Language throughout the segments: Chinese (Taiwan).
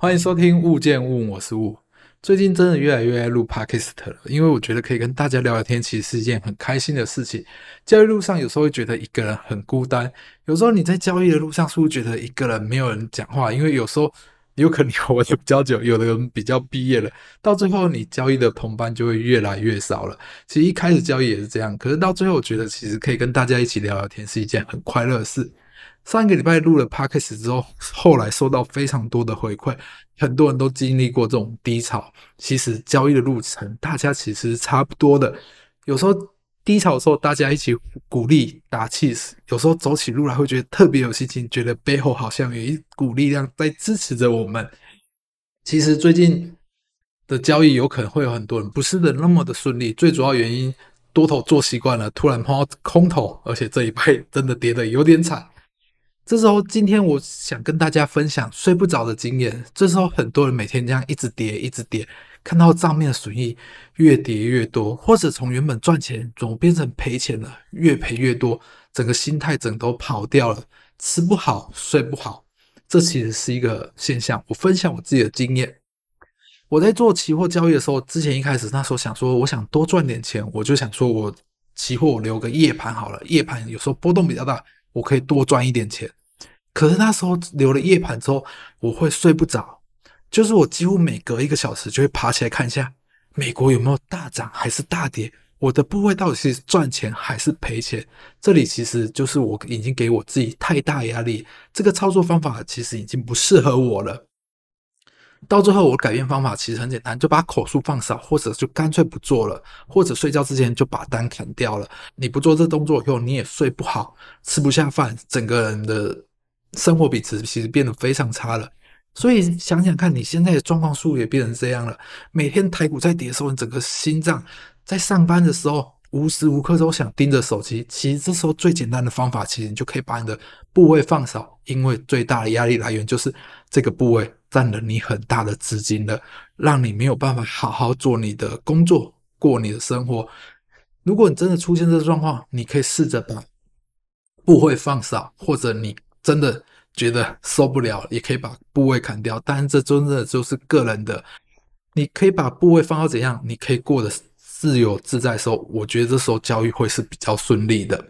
歡迎收聽吳見吳，我是吳。最近真的越來越愛錄 podcast 了，因為我覺得可以跟大家聊聊天，其實是一件很開心的事情。交易路上有時候會覺得一個人很孤單，有時候你在交易的路上是不是覺得一個人沒有人講話？因為有時候有可能玩的比較久，有的人比較畢業了，到最後你交易的同伴就會越來越少了。其實一開始交易也是這樣，可是到最後我覺得其實可以跟大家一起聊聊天是一件很快樂的事。上一個禮拜錄了 podcast 之後，後來收到非常多的回饋，很多人都經歷過這種低潮。其實交易的路程大家其實差不多的。有時候低潮的時候大家一起鼓勵打氣，有時候走起路來會覺得特別有信心，覺得背後好像有一股力量在支持着我們。其實最近的交易有可能會有很多人不是的那麼的順利，最主要原因多頭做習慣了，突然碰到空頭，而且這一波真的跌得有點慘。這時候，今天我想跟大家分享睡不着的經驗。這時候，很多人每天這樣一直跌，一直跌，看到賬面的損益越跌越多，或者從原本賺錢，怎麼變成賠錢了？越賠越多，整個心態整都跑掉了，吃不好，睡不好。這其實是一個現象。我分享我自己的經驗。我在做期貨交易的時候，之前一開始那時候想說，我想多賺點錢，我就想說，我期貨我留個夜盤好了，夜盤有時候波動比較大，我可以多賺一點錢。可是那時候留了夜盤之後，我會睡不着，就是我幾乎每隔一個小時就會爬起來看一下美國有沒有大漲還是大跌，我的部位到底是賺錢還是賠錢。這裡其實就是我已經給我自己太大壓力，這個操作方法其實已經不適合我了。到最後我改變方法其實很簡單，就把口數放少，或者就乾脆不做了，或者睡覺之前就把單砍掉了。你不做這動作以後，你也睡不好，吃不下飯，整個人的。生活品質其實變得非常差了，所以想想看你現在的狀況，數也變成這樣了。每天台股在跌的時候，你整個心臟在上班的時候無時無刻都想盯着手機。其實這時候最簡單的方法，其實你就可以把你的部位放少，因為最大的壓力來源就是這個部位占了你很大的資金的，讓你沒有辦法好好做你的工作，過你的生活。如果你真的出現這狀況，你可以試着把部位放少，或者你。真的覺得受不了，也可以把部位砍掉。但是這真的就是個人的，你可以把部位放到怎樣，你可以過得自由自在的時候，我覺得這時候交易會是比較順利的。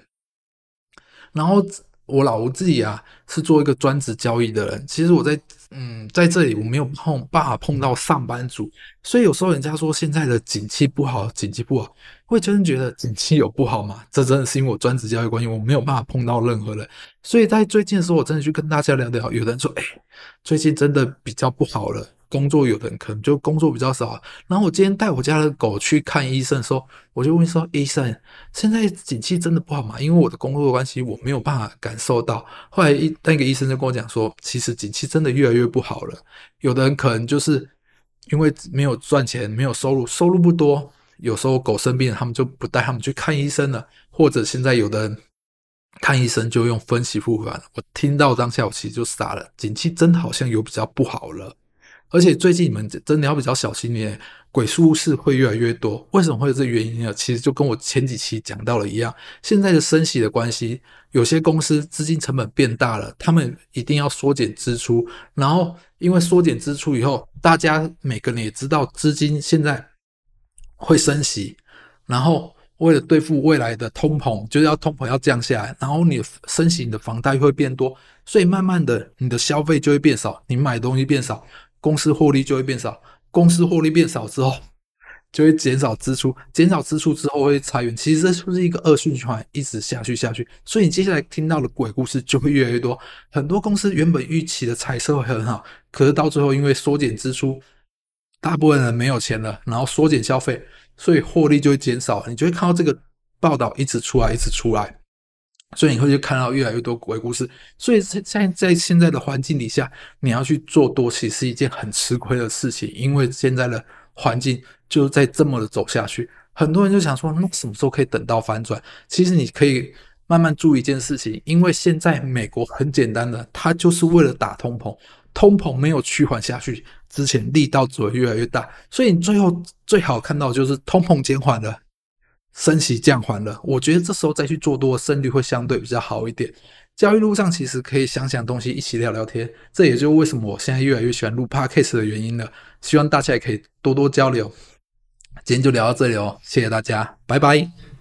然後。我老吳自己啊，是做一個專職交易的人。其實我在嗯，在這裡我沒有碰辦法碰到上班族，所以有時候人家說現在的景氣不好，景氣不好，我真的覺得景氣有不好嗎？這真的是因為我專職交易關係，我沒有辦法碰到任何人。所以在最近的時候，我真的去跟大家聊聊。有人說，哎、欸，最近真的比較不好了。工作有的人可能就工作比較少，然後我今天帶我家的狗去看醫生的時候，我就問說：“醫生，現在景氣真的不好嗎？”因為我的工作的關係，我沒有辦法感受到。後來一那個醫生就跟我講說：“其實景氣真的越來越不好了。有的人可能就是因為沒有賺錢，沒有收入，收入不多，有時候狗生病了，他們就不帶他們去看醫生了。或者現在有的人看醫生就用分期付款。我聽到當下我其實就傻了，景氣真的好像有比較不好了。”而且最近你們真的要比較小心一點，鬼故事會越來越多。為什麼會有這原因呢？其實就跟我前幾期講到了一樣，現在的升息的關係，有些公司資金成本變大了，他們一定要縮減支出。然後因為縮減支出以後，大家每個人也知道資金現在會升息，然後為了對付未來的通膨，就是要通膨要降下來，然後你升息，你的房貸會變多，所以慢慢的你的消費就會變少，你買東西變少。公司獲利就會變少，公司獲利變少之後，就會減少支出，減少支出之後會裁員，其實這就是一個惡性循環，一直下去下去。所以你接下來聽到的鬼故事就會越來越多。很多公司原本預期的財報會很好，可是到最後因為縮減支出，大部分人沒有錢了，然後縮減消費，所以獲利就會減少，你就會看到這個報道一直出來，一直出來。所以你會去看到越來越多鬼故事。所以在在在現在的環境底下，你要去做多其實是一件很吃虧的事情，因為現在的環境就在這麼的走下去。很多人就想說，那什麼時候可以等到反轉？其實你可以慢慢注意一件事情，因為現在美國很簡單的，它就是為了打通膨，通膨沒有趨緩下去之前，力道只會越來越大。所以你最後最好看到的就是通膨減緩了。升息降環了，我覺得這時候再去做多，勝率會相對比較好一點。交易路上其實可以想想東西，一起聊聊天。這也就是為什麼我現在越來越喜歡錄 podcast 的原因了。希望大家也可以多多交流。今天就聊到這裡哦，謝謝大家，拜拜。